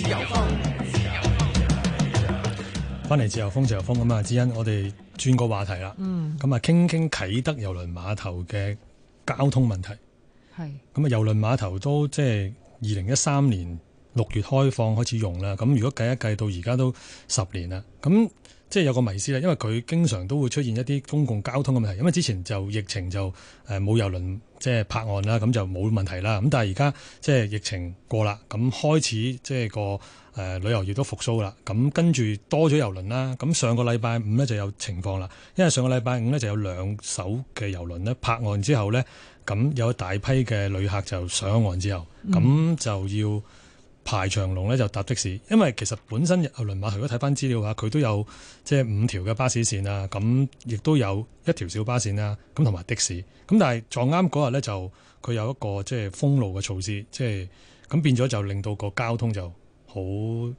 自由風，自由風，翻嚟自由風，自由風咁啊！之欣，我哋轉個話題啦，嗯，咁啊，傾傾啟德郵輪碼頭嘅交通問題，係是，咁啊，郵輪碼頭都即係二零一三年六月開放開始用啦，咁如果計一計到而家都十年啦，咁。即係有個迷思咧，因為佢經常都會出現一啲公共交通嘅問題，因為之前就疫情就誒冇郵輪即係泊岸啦，咁就冇問題啦。咁但係而家即係疫情過啦，咁開始即係個誒旅遊業都復甦啦。咁跟住多咗郵輪啦，咁上個禮拜五呢就有情況啦。因為上個禮拜五呢就有兩艘嘅郵輪呢，泊岸之後呢，咁有一大批嘅旅客就上岸之後，咁就要，排長龍咧就搭的士，因為其實本身郵輪碼頭，如果睇翻資料吓，佢都有即係五條嘅巴士線啊，咁亦都有一條小巴線啊，咁同埋的士，咁但係撞啱嗰日咧就佢有一個即係封路嘅措施，即係咁變咗就令到個交通就好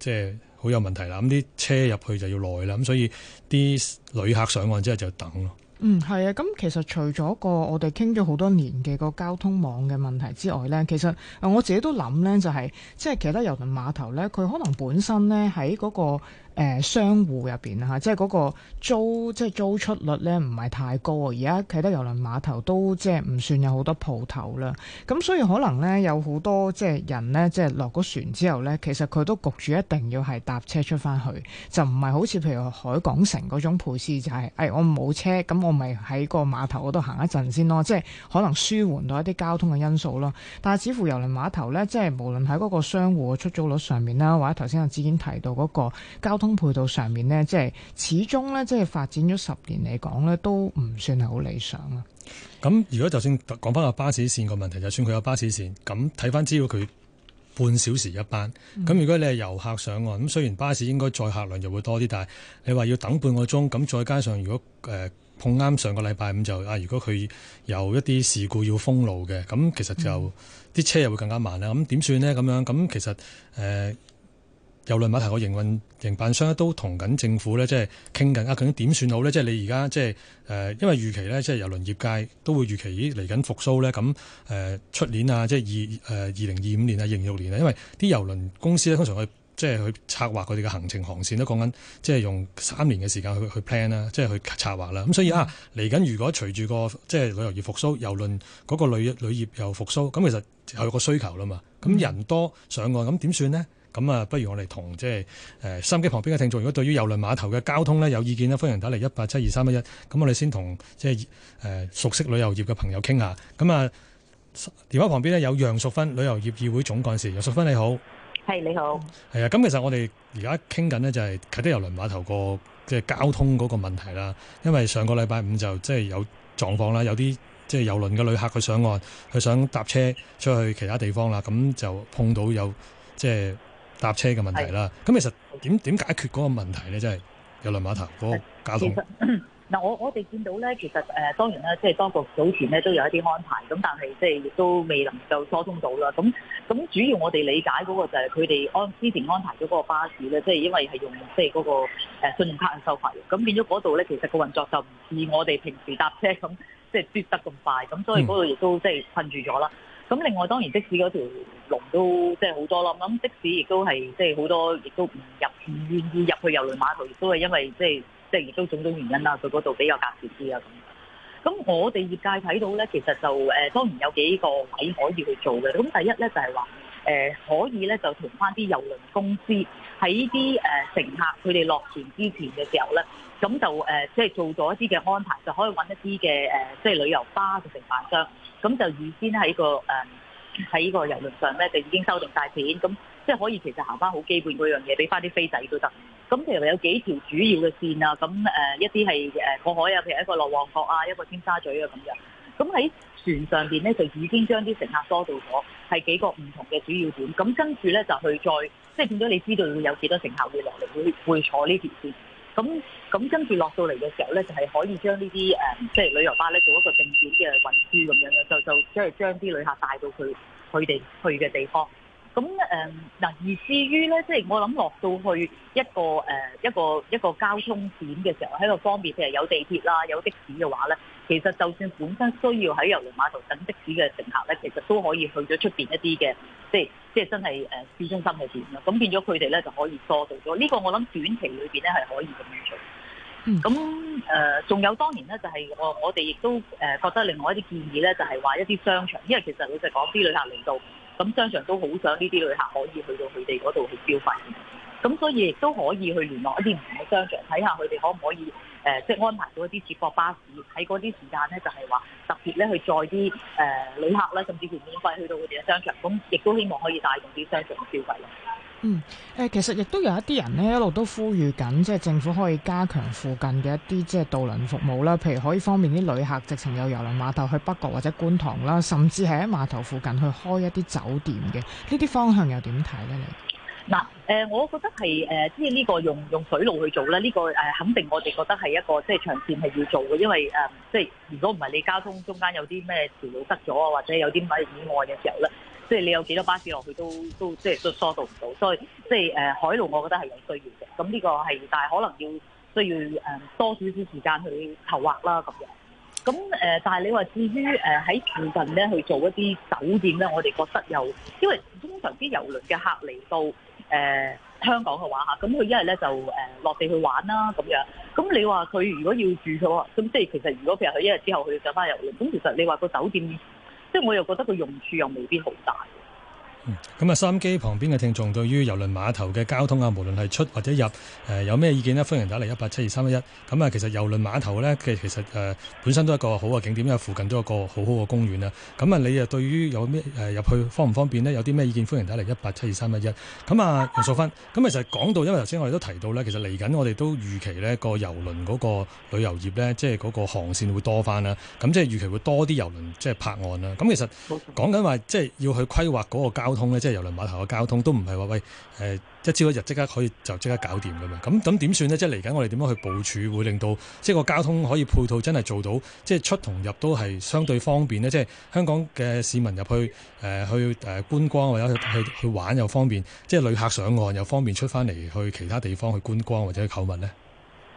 即係好有問題啦，咁啲車入去就要耐啦，咁所以啲旅客上岸之後就等咯。嗯，係啊，咁其實除咗個我哋傾咗好多年嘅個交通網嘅問題之外咧，其實啊我自己都諗咧，就係即係其他郵輪碼頭咧，佢可能本身咧喺嗰個。誒、呃、商戶入面，啊、即係嗰個租即係租出率咧，唔係太高喎。而家啟德郵輪碼頭都即係唔算有好多鋪頭啦。咁所以可能咧有好多即係人咧，即係落個船之後咧，其實佢都焗住一定要係搭車出翻去，就唔係好似譬如海港城嗰種配置，就係、是、誒、哎、我冇車，咁我咪喺個碼頭嗰度行一陣先咯。即係可能舒緩到一啲交通嘅因素咯。但係似乎郵輪碼頭咧，即係無論喺嗰個商戶嘅出租率上面啦，或者頭先阿子堅提到嗰個交通，分配到上面呢，即係始終呢，即係發展咗十年嚟講呢，都唔算係好理想啊。咁如果就算講翻個巴士線個問題，就算佢有巴士線，咁睇翻資料，佢半小時一班，咁、嗯、如果你係遊客上岸，咁雖然巴士應該載客量又會多啲，但係你話要等半個鐘，咁再加上如果誒碰啱上個禮拜五就啊，如果佢有一啲事故要封路嘅，咁其實就啲、嗯、車又會更加慢啦。咁點算呢？咁樣咁其實誒。呃郵輪碼頭，個營運營辦商都同緊政府咧，即係傾緊，究竟點算好咧？即係你而家即係誒，因為預期咧，即係郵輪業界都會預期嚟緊復甦咧。咁誒出年啊，即係二誒二零二五年啊，營六年啊，因為啲郵輪公司咧，通常佢即係佢策劃佢哋嘅行程航線都講緊，即係用三年嘅時間去去 plan 啦，即係去策劃啦。咁所以啊，嚟緊、嗯、如果隨住個即係旅遊業復甦，郵輪嗰個旅旅業又復甦，咁其實有個需求啦嘛。咁人多上岸，咁點算呢？咁啊，不如我哋同即係誒收音機旁邊嘅聽眾，如果對於郵輪碼頭嘅交通呢，有意見呢，歡迎打嚟一八七二三一一。咁我哋先同即係誒熟悉旅遊業嘅朋友傾下。咁啊，電話旁邊呢，有楊淑芬旅遊業議會總幹事，楊淑芬你好，係你好，係啊。咁、嗯、其實我哋而家傾緊呢，就係啟德郵輪碼頭個即係交通嗰個問題啦。因為上個禮拜五就即係、就是、有狀況啦，有啲即係郵輪嘅旅客佢上岸，佢想搭車出去其他地方啦，咁就碰到有即係，就是搭車嘅問題啦，咁的其實點點解決嗰個問題咧，即係郵輪碼頭嗰、那個交通。嗱，我我哋見到咧，其實誒、呃，當然啦，即係當局早前咧都有一啲安排，咁但係即係亦都未能夠疏通到啦。咁咁主要我哋理解嗰個就係佢哋安之前安排咗嗰個巴士咧，即、就、係、是、因為係用即係嗰個誒信用卡去收費，咁變咗嗰度咧，其實個運作就唔似我哋平時搭車咁即係嘟得咁快，咁所以嗰度亦都即係困住咗啦。嗯咁另外當然即使的士嗰條龍都即係好多咯，咁的士亦都係即係好多，亦都唔入唔願意入去郵輪碼頭，亦都係因為即係即係都種種原因啦。佢嗰度比較隔離啲啊咁。咁我哋業界睇到咧，其實就、呃、當然有幾個位可以去做嘅。咁第一咧就係話。誒可以咧，就同翻啲遊輪公司喺呢啲誒乘客佢哋落船之前嘅時候咧，咁就誒即係做咗一啲嘅安排，就可以揾一啲嘅誒即係旅遊巴嘅承辦商，咁就預先喺個誒喺呢個遊輪上咧，就已經收定大錢，咁即係可以其實行翻好基本嗰樣嘢，俾翻啲飛仔都得。咁譬如有幾條主要嘅線啊，咁誒一啲係誒過海啊，譬如一個落旺角啊，一個尖沙咀啊咁樣。咁喺船上邊咧，就已經將啲乘客疏導咗。係幾個唔同嘅主要點，咁跟住呢，就去再即係變咗，你知道會有幾多乘客會落嚟，會會坐呢條線。咁咁跟住落到嚟嘅時候呢，就係、是、可以將呢啲誒即係旅遊巴呢，做一個定點嘅運輸咁樣嘅，就就即係將啲旅客帶到佢佢哋去嘅地方。咁誒嗱，而至於咧，即、就、係、是、我諗落到去一個誒、呃、一個一個交通點嘅時候，喺個方便，譬如有地鐵啦、有的士嘅話咧，其實就算本身需要喺郵輪碼頭等的士嘅乘客咧，其實都可以去咗出邊一啲嘅，即係即係真係誒、呃、市中心嘅點啦。咁變咗佢哋咧就可以疏導咗。呢、這個我諗短期裏邊咧係可以咁樣做的。咁誒、嗯，仲、呃、有當然咧，就係、是、我我哋亦都誒覺得另外一啲建議咧，就係、是、話一啲商場，因為其實老實講啲旅客嚟到。咁商場都好想呢啲旅客可以去到佢哋嗰度去消費嘅，咁所以亦都可以去聯絡一啲唔同嘅商場，睇下佢哋可唔可以誒，即係安排到一啲接駁巴士喺嗰啲時間咧，就係話特別咧去載啲誒旅客咧，甚至乎免費去到佢哋嘅商場，咁亦都希望可以帶動啲商場嘅消費。嗯，誒，其實亦都有一啲人咧，一路都呼籲緊，即係政府可以加強附近嘅一啲即係渡輪服務啦，譬如可以方便啲旅客直情由郵輪碼頭去北角或者觀塘啦，甚至係喺碼頭附近去開一啲酒店嘅，呢啲方向又點睇呢？你嗱，誒，我覺得係誒，即係呢個用用水路去做咧，呢、這個誒，肯定我哋覺得係一個即係長線係要做嘅，因為誒、呃，即係如果唔係你交通中間有啲咩道路塞咗啊，或者有啲咩意外嘅時候咧。即係你有幾多巴士落去都都即係都疏導唔到，所以即係、呃、海路，我覺得係有需要嘅。咁呢個係，但係可能要需要、呃、多少少時間去籌劃啦咁樣。咁但係、呃、你話至於喺附近咧去做一啲酒店咧，我哋覺得有，因為通常啲郵輪嘅客嚟到、呃、香港嘅話吓，咁佢一日咧就、呃、落地去玩啦咁樣。咁你話佢如果要住嘅話，咁即係其實如果譬如佢一日之後佢要上翻郵輪，咁其實你話個酒店，即係我又覺得佢用處又未必好大。咁啊，收音機旁邊嘅聽眾，對於郵輪碼頭嘅交通啊，無論係出或者入，誒、呃，有咩意見呢？歡迎打嚟一八七二三一一。咁啊，其實郵輪碼頭呢，其實誒，本身都係一個好嘅景點，因為附近都係一個好好嘅公園啦。咁啊，你啊，對於有咩誒入去方唔方便呢？有啲咩意見？歡迎打嚟、呃、一八七二三一一。咁、呃、啊，楊淑芬，咁其實講到，因為頭先我哋都提到呢，其實嚟緊我哋都預期呢個郵輪嗰個旅遊業呢，即係嗰個航綫會多翻啦。咁即係預期會多啲郵輪即係泊岸啦。咁其實講緊話，即係的、就是、要去規劃嗰個交通。通咧，即係郵輪碼頭嘅交通都唔係話喂，誒一朝一日即刻可以就即刻搞掂嘅嘛？咁咁點算呢？即係嚟緊，我哋點樣去部署會令到即係個交通可以配套真係做到，即係出同入，入都係相對方便呢？即係香港嘅市民入去誒、呃、去誒觀光或者去去玩又方便，即係旅客上岸又方便出翻嚟去其他地方去觀光或者去購物呢？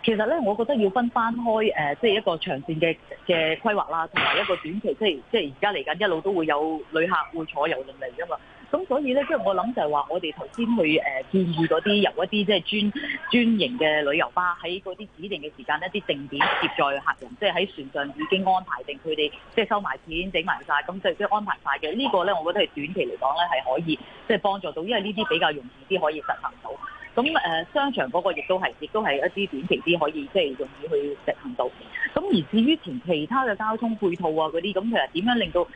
其實呢，我覺得要分翻開誒，即、呃、係、就是、一個長線嘅嘅規劃啦，同埋一個短期，即係即係而家嚟緊一路都會有旅客會坐郵輪嚟噶嘛。咁所以咧，即係我諗就係話，我哋頭先去誒建議嗰啲由一啲即係專專營嘅旅遊巴，喺嗰啲指定嘅時間一啲定點接載客人，即係喺船上已經安排定佢哋，即係收埋錢整埋晒，咁即係即係安排晒嘅。呢個咧，我覺得係短期嚟講咧係可以，即係幫助到，因為呢啲比較容易啲可以執行到。咁誒商場嗰個亦都係，亦都係一啲短期啲可以即係容易去實行到。咁而至於其其他嘅交通配套啊嗰啲，咁其實點樣令到誒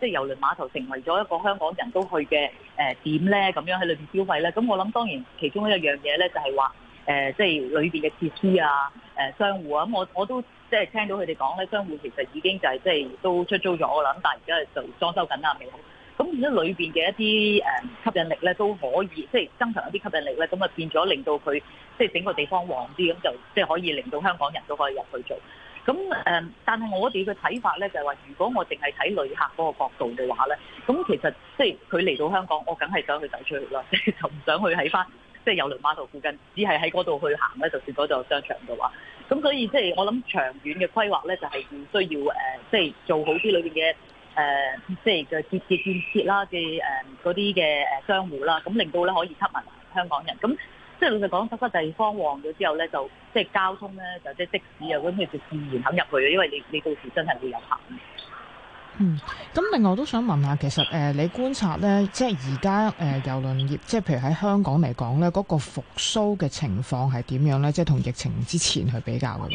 即係郵輪碼頭成為咗一個香港人都去嘅誒、呃、點咧？咁樣喺裏邊消費咧？咁我諗當然其中一樣嘢咧，就係話誒即係裏邊嘅設施啊、誒、呃、商戶啊。咁我我都即係聽到佢哋講咧，商戶其實已經就係即係都出租咗，我諗，但係而家就裝修緊喇，未好。咁而家裏面嘅一啲吸引力咧都可以，即係增強一啲吸引力咧，咁啊變咗令到佢即係整個地方旺啲，咁就即係可以令到香港人都可以入去做。咁呃，但係我哋嘅睇法咧就係話，如果我淨係睇旅客嗰個角度嘅話咧，咁其實即係佢嚟到香港，我梗係想去走出去啦，即係就唔想去喺翻即係郵輪碼頭附近，只係喺嗰度去行咧，就算嗰座商場度話。咁所以即係我諗長遠嘅規劃咧，就係唔需要呃，即係做好啲裏面嘅。誒、呃，即係嘅建設建設啦，嘅誒嗰啲嘅商戶啦，咁令到咧可以吸引香港人。咁即係老實講，出得地方旺咗之後咧，就即係交通咧，就、嗯、即係的士啊，咁佢就自然肯入去，因為你你到時真係會有客。嗯，咁另外我都想問下，其實誒、呃、你觀察咧，即係而家誒郵輪業，即係譬如喺香港嚟講咧，嗰、那個復甦嘅情況係點樣咧？即係同疫情之前去比較嘅話，誒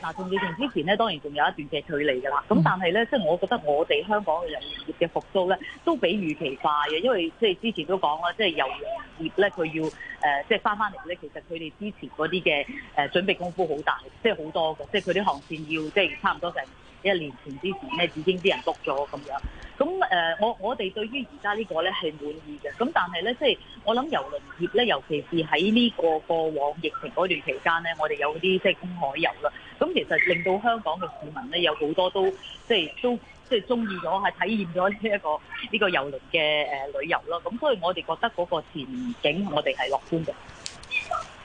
嗱、呃，同疫情之前咧，當然仲有一段嘅距離㗎啦。咁但係咧，嗯、即係我覺得我哋香港嘅郵輪業嘅復甦咧，都比預期快嘅，因為即係之前都講啦，即係郵輪業咧，佢要誒、呃、即係返返嚟咧，其實佢哋之前嗰啲嘅誒準備功夫好大，即係好多嘅，即係佢啲航線要即係差唔多成，一年前之前咧，已經啲人 book 咗咁樣，咁誒，我我哋對於而家呢個咧係滿意嘅，咁但係咧，即係我諗郵輪業咧，尤其係喺呢個過往疫情嗰段期間咧，我哋有啲即係公海遊啦，咁其實令到香港嘅市民咧有好多都即係都即係中意咗，係體驗咗呢一個呢個郵輪嘅誒旅遊咯，咁所以我哋覺得嗰個前景我哋係樂觀嘅。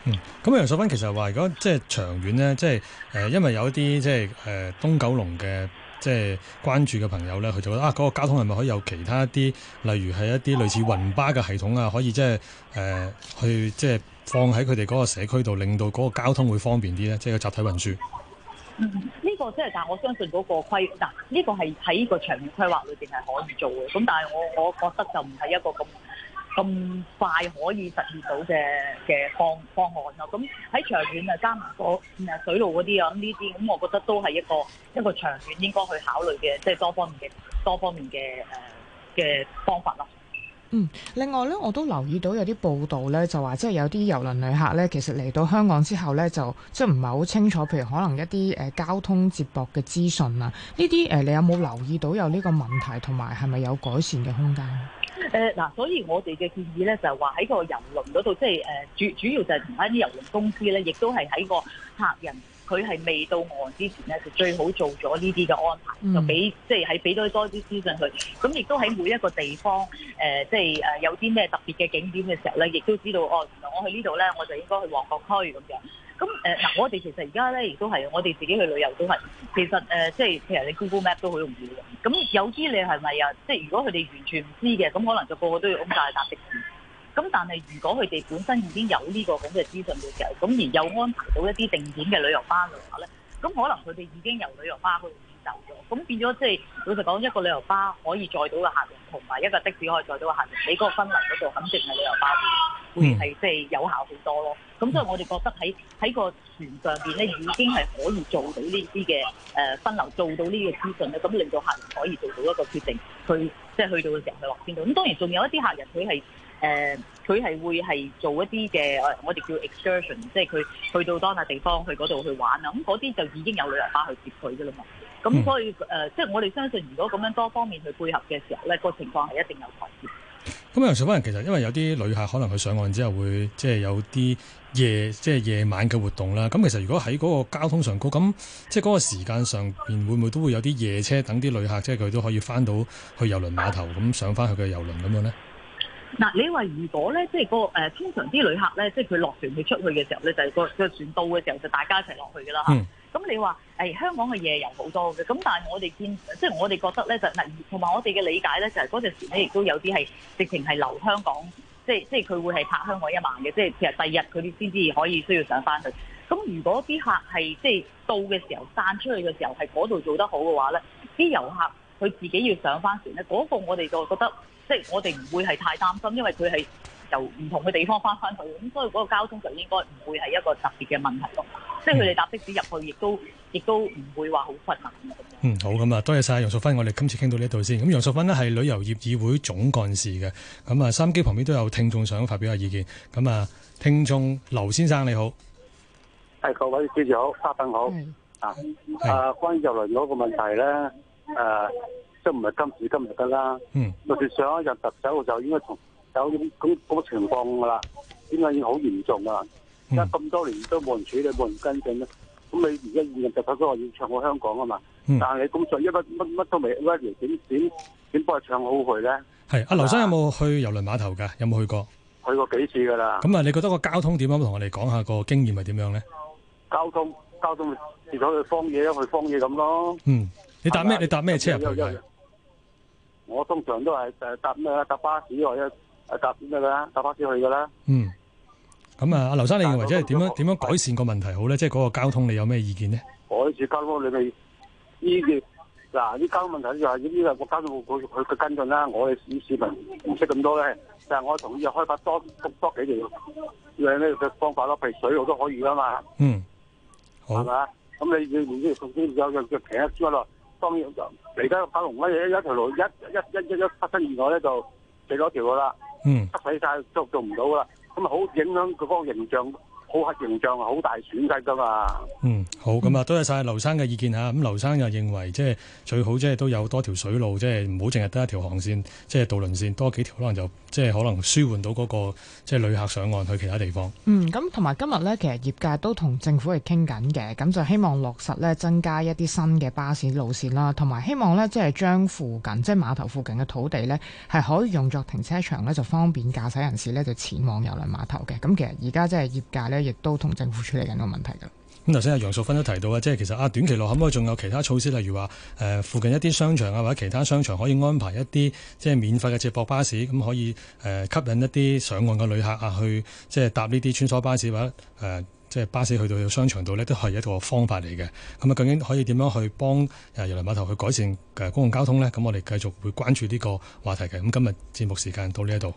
嗯，咁楊淑芬其實話，如果即係長遠咧，即係、呃、因為有一啲即係誒、呃、東九龍嘅即係關注嘅朋友咧，佢就覺得啊，嗰個交通係咪可以有其他一啲，例如係一啲類似雲巴嘅系統啊，可以、呃、即係去即係放喺佢哋嗰個社區度，令到嗰個交通會方便啲咧，即係集體運輸。嗯，呢個即係，但我相信嗰個規，嗱呢個係喺個長遠規劃裏邊係可以做嘅。咁但係我我覺得就唔係一個咁咁快可以實現到嘅嘅方方案咯，咁喺長遠啊，加埋嗰、嗰個、水路嗰啲啊，呢啲，咁我覺得都係一個一個長遠應該去考慮嘅，即、就、係、是、多方面嘅多方面嘅誒嘅方法咯。嗯，另外呢，我都留意到有啲報導呢，就話即係有啲郵輪旅客呢，其實嚟到香港之後呢，就即係唔係好清楚，譬如可能一啲誒、呃、交通接駁嘅資訊啊，呢啲誒，你有冇留意到有呢個問題，同埋係咪有改善嘅空間？誒，嗱，所以我哋嘅建議咧就係話喺個郵輪嗰度，即係誒主主要就係同埋啲郵輪公司咧，亦都係喺個客人佢係未到岸之前咧，就最好做咗呢啲嘅安排，就俾即係喺俾多多啲資訊佢。咁亦都喺每一個地方，誒，即係誒有啲咩特別嘅景點嘅時候咧，亦都知道哦，原來我去呢度咧，我就應該去旺角區咁樣。咁誒嗱，我哋其實而家咧，亦都係我哋自己去旅遊都係，其實誒、呃，即係譬如你 Google Map 都好容易嘅。咁有啲你係咪啊？即係如果佢哋完全唔知嘅，咁可能就個個都要咁大搭的士。咁但係如果佢哋本身已經有呢、呢個咁嘅資訊嘅時候，咁而又安排到一啲定點嘅旅遊巴嘅話咧，咁可能佢哋已經由旅遊巴嗰度轉走咗。咁變咗即係老實講，一個旅遊巴可以載到嘅客人，同埋一個的士可以載到嘅客人，你嗰個分離嗰度肯定係旅遊巴的。會係即係有效好多咯，咁所以我哋覺得喺喺個船上邊咧，已經係可以做到呢啲嘅誒分流，做到呢個資訊咧，咁令到客人可以做到一個決定，佢即係去到嘅時候去落邊度。咁當然仲有一啲客人佢係誒，佢、呃、係會係做一啲嘅我哋叫 excursion，即係佢去到當地地方去嗰度去玩啊。咁嗰啲就已經有旅遊巴去接佢嘅啦嘛。咁所以誒、呃，即係我哋相信如果咁樣多方面去配合嘅時候咧，個情況係一定有改善。咁有上翻人，其實因為有啲旅客可能佢上岸之後會即係有啲夜即係夜晚嘅活動啦。咁其實如果喺嗰個交通上高，咁即係嗰個時間上面會唔會都會有啲夜車等啲旅客，即係佢都可以翻到去郵輪碼頭咁上翻去嘅郵輪咁樣呢？嗱，你話如果呢，即係嗰個、呃、通常啲旅客呢，即係佢落船去出去嘅時候呢，就係嗰個船到嘅時候就大家一齊落去噶啦。咁你話、哎、香港嘅夜遊好多嘅，咁但係我哋見即係我哋覺得咧就嗱，同埋我哋嘅理解咧就係嗰陣時咧亦都有啲係直情係留香港，即係即係佢會係泊香港一晚嘅，即係其實第二日佢哋先至可以需要上翻去。咁如果啲客係即係到嘅時候散出去嘅時候係嗰度做得好嘅話咧，啲遊客佢自己要上翻船咧，嗰、嗰個我哋就覺得即係、即係、我哋唔會係太擔心，因為佢係，由唔同嘅地方翻返去，咁所以嗰個交通就應該唔會係一個特別嘅問題咯。嗯、即係佢哋搭的士入去也，亦都亦都唔會話好困難。嗯，好的，咁啊，多謝晒楊淑芬，我哋今次傾到呢度先。咁楊淑芬咧係旅遊業議會總幹事嘅。咁啊，三機旁邊都有聽眾想發表下意見。咁啊，聽眾劉先生你好，係各位主持好，花粉好、嗯、啊，是啊。啊，關於郵輪嗰個問題咧，誒，都唔係今時今日得啦、嗯啊。嗯，我哋上一任特首就應該從。咁咁、那個情況噶啦，點解已經好嚴重啊？而家咁多年都冇人處理，冇人跟進咧。咁你而家二日就我要唱好香港啊嘛。嗯、但係你工作一乜乜乜都未點點點幫佢唱好去咧？係阿劉生有冇去郵輪碼頭噶？有冇去過？去過幾次噶啦？咁啊？你覺得個交通點樣？同我哋講下個經驗係點樣咧？交通交通跌咗去荒野去荒野咁咯。嗯，你搭咩？吧你搭咩車入去？我通常都係誒搭咩搭巴士或者。搭點啦，搭巴士去嘅啦。嗯，咁啊，阿劉生，你認為即係點樣點是樣改善個問題好咧？是即係嗰個交通，交通，你有咩意見咧？改善交通，你咪呢嘅嗱，交通問題就係呢個國家政府佢佢跟進啦。我哋市市民唔識咁多咧，但係我同意啊，開發多多，多幾條，用呢個方法咯，譬如水路都可以噶嘛。嗯，好係嘛？咁你要唔要有樣平一啲咯？當然，而家跑龍尾，一條路一一一一一發生意外咧，就地攞條路啦。嗯，執死晒做做唔到噶啦，咁啊好影響佢嗰個形象。好黑形象啊，好大損失噶嘛。嗯，好，咁啊，多謝晒劉生嘅意見吓。咁劉生又認為，即係最好，即係都有多條水路，即係唔好淨係得一條航線，即係渡輪線多幾條可能就即係、即係、可能舒緩到嗰、嗰個即係、即係、旅客上岸去其他地方。嗯，咁同埋今日咧，其實業界都同政府係傾緊嘅，咁就希望落實咧增加一啲新嘅巴士路線啦，同埋希望咧即係將附近即係碼頭附近嘅土地咧係可以用作停車場咧，就方便駕駛人士咧就前往郵輪碼頭嘅。咁其實而家即係業界咧。亦都同政府處理緊個問題噶。咁頭先阿楊素芬都提到啊，即係其實啊，短期內可唔可以仲有其他措施，例如話誒附近一啲商場啊，或者其他商場可以安排一啲即係免費嘅接駁巴士，咁可以誒吸引一啲上岸嘅旅客啊，去即係搭呢啲穿梭巴士或者誒即係巴士去到商場度呢，都係一套方法嚟嘅。咁啊，究竟可以點樣去幫誒郵輪碼頭去改善誒公共交通呢？咁我哋繼續會關注呢個話題嘅。咁今日節目時間到呢一度。